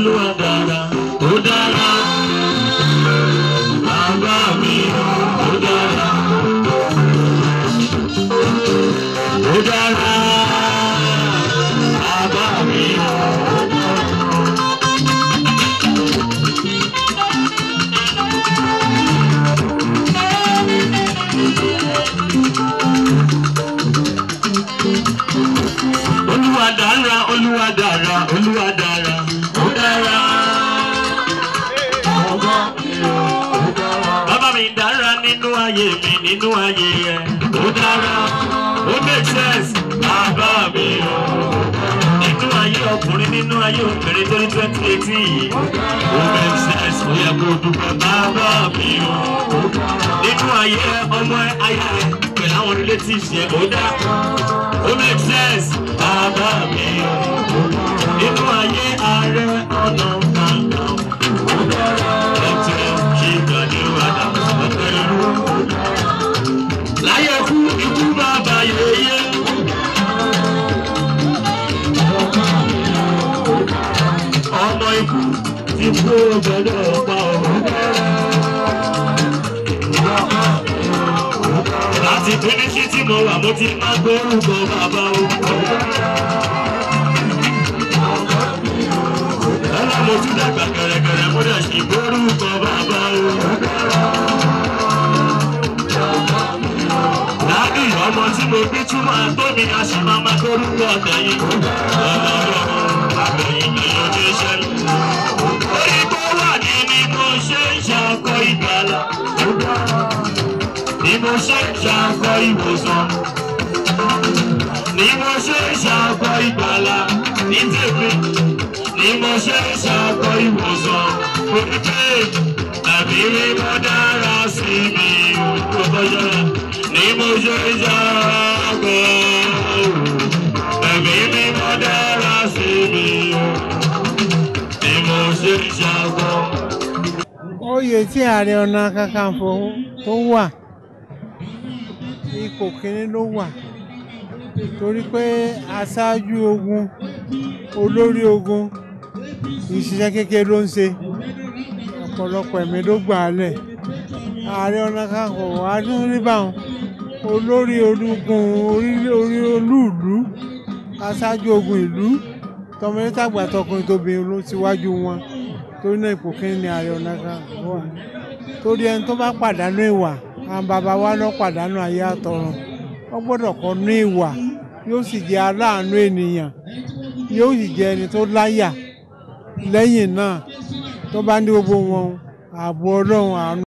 olúwa dára ó dára bàbá tó dára. Bàbá mi dára nínú ayé mi nínú ayé rẹ̀. Ó dára, ó make sense, bàbá mi o. Nínú ayé ọkùnrin nínú ayé obìnrin tó ní twenty eighteen yìí. Ó make sense, ó yẹ kó dúpẹ́ bàbá mi o. Nínú ayé ọmọ ayé rẹ̀ pẹ̀lú àwọn relatives yẹn ó dá. Ó make sense, bàbá mi o inú ayé ààrẹ ọ̀nà kakanfò ẹ̀tẹ̀ ṣìgbàdé wàdà ọ̀tẹ̀lú. láyé kú ikú bàbá yèyé. ọmọ ikú wà mo ti máa gbórúkọ bàbá òkú. gbọ́dọ̀ ṣe gbórúkọ bàbá o. Lábì ọmọ tí mo bí túmọ̀ àgbómi a sì máa ma gbórúkọ ọ̀tẹ̀yìn. Ọlọ́run àgbẹ̀yìn ni ojú mo ṣe ń ṣàkọ ìgbàlà òfurufú tàbí mímọ́ dára sí mi òkòkòjọ́ ní mo ṣe jágọ́ tàbí mímọ́ dára sí mi ní mo ṣe jágọ́. oyè tí ààrẹ ọ̀nà kakanfò tó wà ipò kínní ló wà torí pé aṣáájú ogun olórí ogun iṣẹ́ kékeré ló ń ṣe ọ̀pọ̀lọpọ̀ ẹ̀mí ló gbà á lẹ̀ ààrẹ ọ̀nà kakanfò adúnríbàun olórí ológun orí olúùlú aṣáájú ogun ìlú tọmọdé tàgbà tọkùnrin tóbìnrin ló ti wájú wọn torí náà ipò kínní ni ààrẹ ọ̀nà kakanfò wà torí ẹni tó bá pàdánù ìwà àwọn bàbá wa lọ pàdánù ayé àtọ̀run wọ́n gbọ́dọ̀ kọ́ ní ìwà yóò sì jẹ́ aláàánú ènìyàn yóò sì jẹ́ ẹni tó láyà lẹ́yìn náà tó bá ní gbogbo wọn ààbò ọlọ́run àánú.